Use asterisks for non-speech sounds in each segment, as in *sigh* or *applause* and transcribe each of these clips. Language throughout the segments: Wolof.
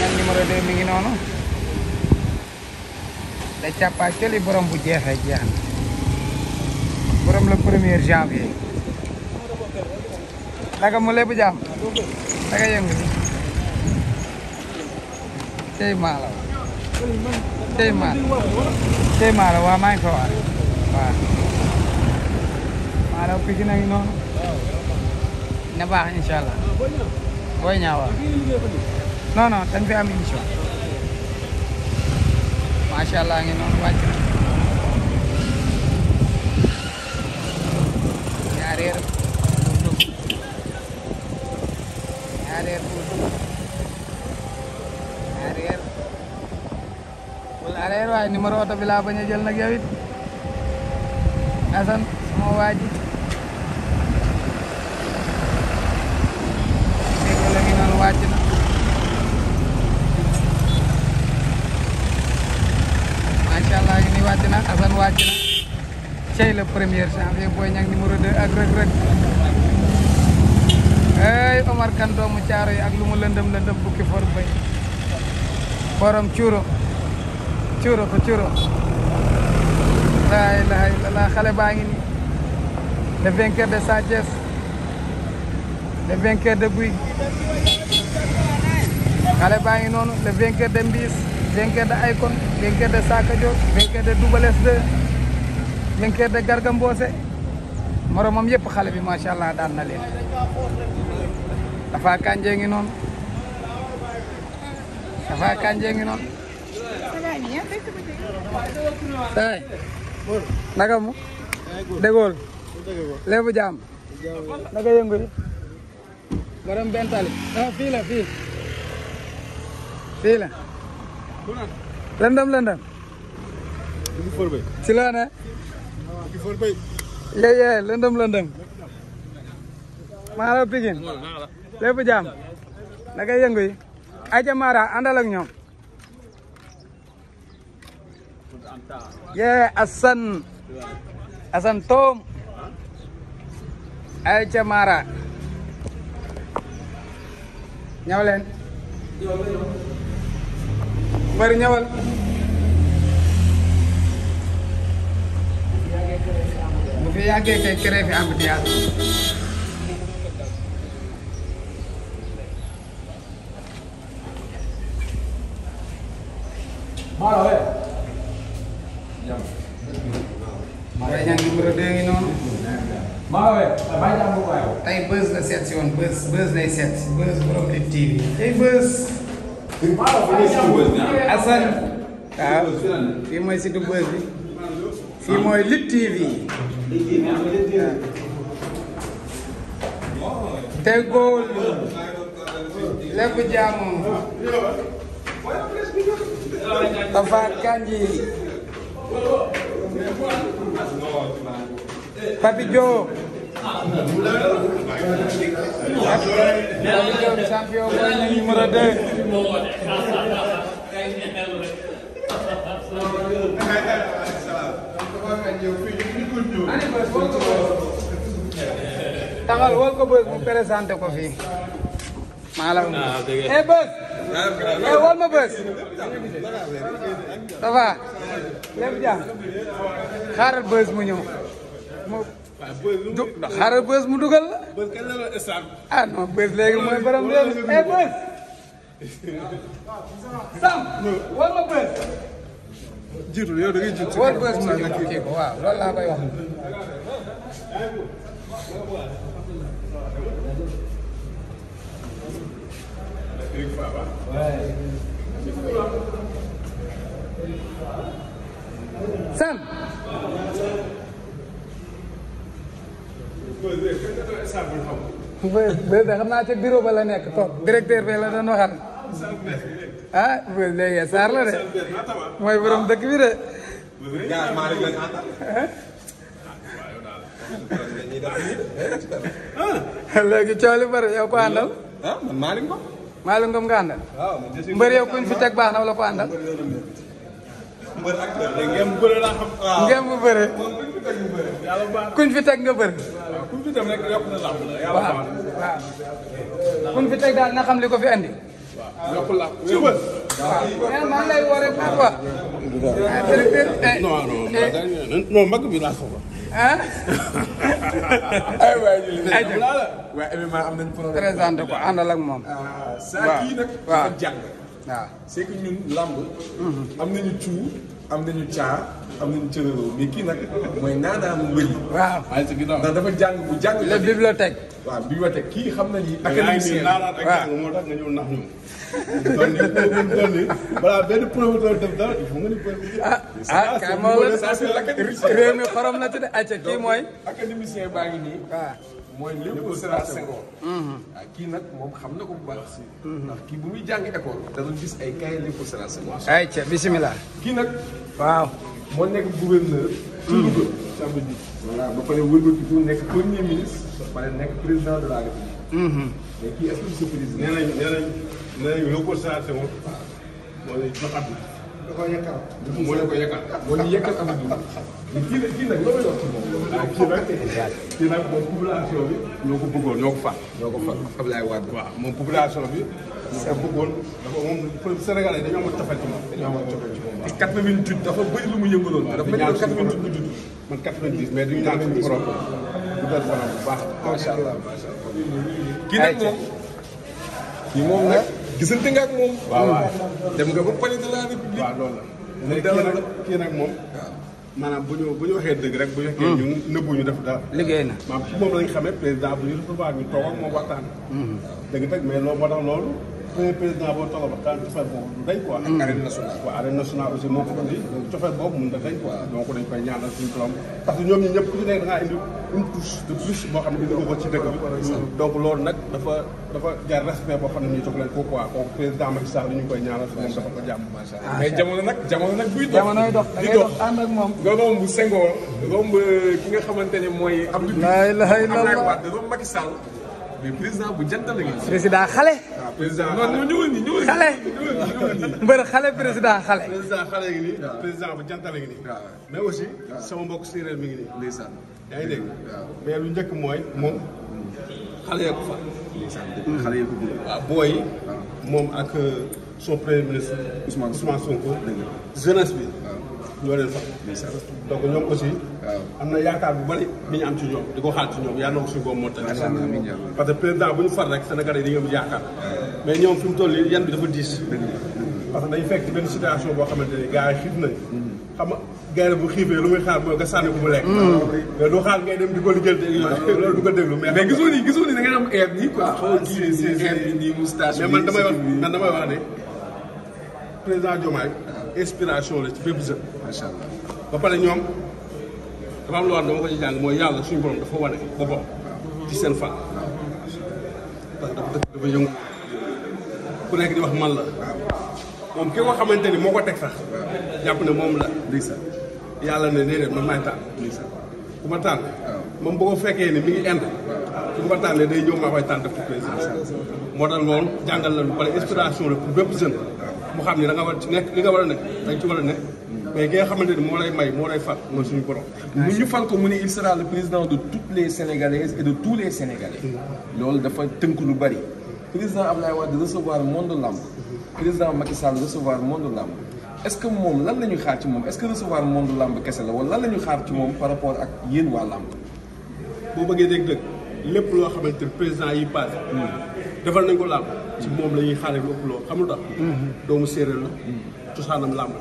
ñam numéro 2 mi ngi noonu da càppaa këli borom bu jeexee jeex na borom le premier janvier naka mu lépp jàmm naka yëngu tey maa la tey maa tey maa waa maa ngi ko waar waaw maa la noonu na baax incha allah booy non non dañ fi am émission macha allah ngi noonu wàcc na ñaareer bu dugg ñaareer bu dugg ñaareer bul areer waaye numéro oto bi laa bañ a jël nag yow it Assane wàcc na Assane wàcc na cey le premier janvier Boy Niang numéro 2 ak Reug Reug ay Omar Kane doomu caaro yi ak lu mu lëndëm lëndëm bukki for bay forom cuuro cuuro ko cuuro laa xale baa ngi de Sa Thiès le vainqueur xale baa ngi noonu de Mbiis Zenker de Akon Zenker de Saka Diop Zenker de Double S2 Zenker de Garga yëpp xale bi macha allah daan na leen dafa kànjee ngi noonu dafa kànjee ngi noonu ay naka jaam naka yëngu yi benn tali ah, fii la fii lëndëm lëndëm ci loo ne lëndëm lëndëm maara Pikine lépp jàmm naka yëngu yi maara àndal ñoom yee Assane Assane Tom aja maara ñëw bari ñëwal. bu fi yàggee kay créé fi Mara we. Mara ñaa ngi numéro deux Mara we. bàyyi la am bu baax yow. tey bës la seet si woon bës bës lay seet Assane waaw fii mooy site bu bës bi fii mooy Lutte TV tegool lépp jàmm Tafa Kanji Papi Diop champion mooy ñu numéro 2. taxal woo ko bës mu présenté ko fii. maa la ah, eh bës. Ah, eh wol ma bës. ça va. lépp jàmm. xaaral mu ñëw. xaaral bës mu dugal la. bës kañ la doon stade. ah non bës léegi mooy borom réew mi eh bës. Sam. war nga bës. jiitu yow da ngay war bës mu dugal kii ko waaw loolu Sam. bés de xam naa ca biro ba la nekk toog directeur bi la doon waxal ah léegi Sarr la de mooy borom dëkk bi de. Ah, léegi coow li bëri yow ko àndal. ah man Malick Ngom. mbër yow kuñ fi teg baax na wala ko mbër acteur la ngeen bëre laa xam. waaw ngeen bu bëre. kuñ fi teg nga bëre. kuñ fi teg rek yokk na làmb la yàlla waaw waaw kuñ fi teg daal na xam li ko fi andi. waaw yokk làmb suba. waaw eh, maa ngi lay woowee bu baax. non non non eh, mag bi laa soxla. ah. aywa ñu ngi lay. waaye MMA am nañu problème. présenté ko àndal ak moom. waaw ah, waaw saa kii nag. waaw jàng. waaw ah. c'est que ñun làmb am nañu cuu am nañu caa am nañu cëraloo mais kii nag mooy naanaa mu wëli waaw ndax dafa jàng bu jàng la bibliothèque waaw bibliothèque kii xam na ni académicien naanaan ak jàng moo tax nga ñëw nax ñu voilà benn promoteur def dara il faut nga ni ah ah moo la réew mi xorom baa ngi nii waaw ah. mooy lépp Sédar Senghor. Mm-hmm. ah kii nag moom xam na ko bu baax. Mm-hmm. ndax kii bu muy jàng école. da doon gis ay kaye lépp Sédar Senghor. ayca bisimilah. kii nag. waaw moo nekk gouverneur. ci mm-hmm. Louga. sàmm ji. voilà ba pare wëlbatiku nekk premier ministre. ba pare nekk président de la république. mais kii est-ce que du sa président. nee nañ nee nañ nee nañ lépp Sédar Senghor. waaw moo lay jox da koo yëkkal. moo leen ko yëkkal moo leen yëkkal am na kii nag kii nag moom. waaw kii moom ko bëggoon ñoo ko far. ñoo moom population bi. ñoo ko bëggoon dafa moom Sénégalais dañoo amoon cofeel ci moom. dañoo amoon cofeel ci moom mais duñu ñaan suñu borom. du dal borom bu baax. macha allah macha allah kii nag moom kii moom nag gisante nga ak moom. waaw hmm. dem nga ba palais de la république. waaw loolu la léegi kii nag kii nag moom. maanaam bu ñu bu ñu waxee dëgg rek. bu ñu waxee hmm. ñun nëbbu ñu def dara. liggéey na maanaam moom lañ xamee président bu ñu recevoir ñu toog ak moom waxtaan. Hmm. dëgg dëgg mais loolu moo tax loolu. premier président boo toog ba daan cofeel boobu du dañ quoi. ak mm. arène nationale. waaw arène nationale aussi moo ko indi donc mm. cofeel boobu mun na dañ quoi. Mm. nag dafa dafa nii jox nag moom. mais président bu jantal la président xale. waaw ah, président xale non ñëwal ñi ñëwal ñi. xale mbër xale président xale. président xale ngi nii. Ah. président bu jantal la ngi nii. Ah. mais aussi sama mbokk séeréer mi ngi nii. ndeysaan yaa ngi dégg. mais lu njëkk mooy moom xale yaa ko fa. ndeysaan xale yaa ko fa. waaw booy moom ak euh, son premier ministre. Ousmane Sonko Ousmane Sonko jeunesse bi. waaw ñoo leen fa. donc ñoom aussi. am na yaakaar bu bëri bi ñu am ci ñoom di ko xaar ci ñoom yàlla ko suñu boobu moo tax parce que président bu ñu far rek Sénégalais yi dañoo yaakaar mais ñoom fi mu yan bi dafa diis parce benn situation boo xamante ni gars yi xiif nañ mm-hmm. xam nga gaynde bu xiifee lu muy xaar mooy nga sànni ko mu lekk mm-hmm. mais du xaar ngay dem di ko lijjanti loolu du ko déglu mais mais gisoo ni gisoo ni da nga am air nii quoi ah, air man damay wax ne président Diomaye inspiration la ci bépp jeune macha allah ba pare ñoom dafa am loo xam dama ko ci jàng mooy yàlla suñu borom dafa wane boppam ci seen fan ndax dafa dafa yëngu nekk di wax man la moom ki nga xamante ni moo ko teg sax jàpp ne moom la yàlla ne déedéet man maay ma tànn moom boo ko fekkee ne mi ngi ind ku day ñëw maa koy tànn def ci président moo tax loolu jàngal la lu pare inspiration la pour bépp jeune mu xam ne da nga war ci nekk li nga war a nekk dañ ci war a nekk mais ki nga xamante ni moo lay may moo lay fal mooy suñu borom mu ñu fal ko mu ne il sera le président de toutes les sénégalaises et de tous les sénégalais mm-hmm. loolu dafa tënk lu bari président Ablaye Wade recevoir monde lamb mm-hmm. président Macky recevoir monde lamb est-ce que moom lan la ñuy xaar ci moom est-ce que recevoir monde lamb kese la wala lan la ñuy xaar ci moom par rapport ak yéen waa lamb boo bëggee lépp loo xamante ni président yi passé mm. defal nañ ko laal ci moom la ñuy xaaree lu ëpp loolu xam lu tax mhm. doomu séeréer la cosaanam làmb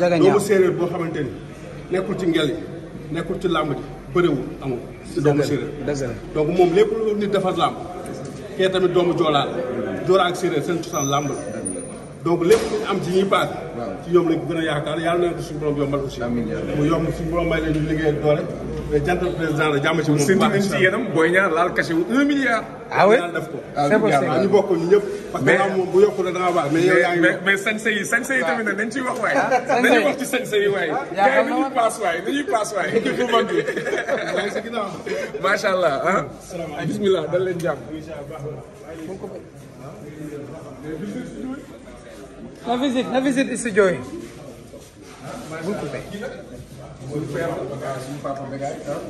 la doomu séeréer boo xamante ni nekkul ci ngel yi nekkul ci làmb ji bëriwul amul ci doomu séeréer donc moom lépp lu nit defar làmb kee tamit doomu joolaa la joolaa ak séeréer seen cosaan làmb la donc lépp luñ am ci ñuy paase ci ñoom lañ gën a yaakaar yaa yàlla na ko suñu borom yombal aussi mu yomb suñu borom may la ñu liggéey doole mais jantal président la jàmm ci moom. bu baax ci yéenam booy ñaar laal cachet wu un milliard. ah oui ah, c'est possible ñu bokk ñu ñëpp. parce que moom bu yokku la da nga baax mais yow yaa ngi mais mais sañse yi sañse yi tamit nag nañ ciy wax waaye. Ah, nañuy wax ci sañse yi waaye. Ah, yaa *laughs* ngi nañuy paas waaye nañuy paas waaye. macha allah ah. bismillah dal leen jàmm. na visite na visite studio yi. muy père suñu papa Bégaay ah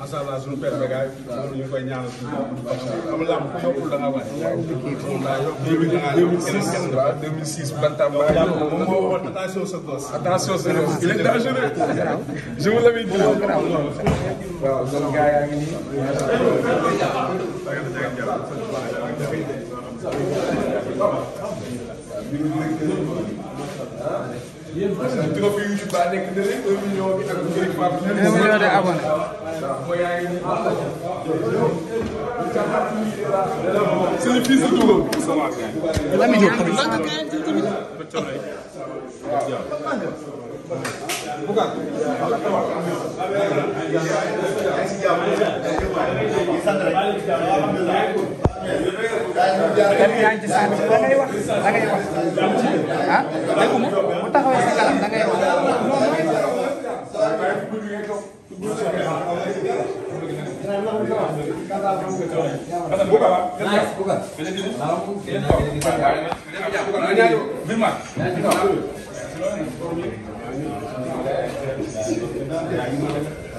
macha allah suñu père Bégaay ñu koy ñaanal suñu am lamb ku yokkul da nga wàññi. waaw yow da ngaa yokkul keneen keneen waaw 2006 Bantamba moom moo waxoon attention sa gosse. attention sa gosse il est dangereux. je vous l'avais dit. waaw donc gars yaa ngi nii. trophée YouTube ba nekk na leen un million bi ak njëriñ Pape. un million de abonné. mooy yaa ngi nii. sëñ bi sa dugub. Lamine Diop tamit. Bukan. Kan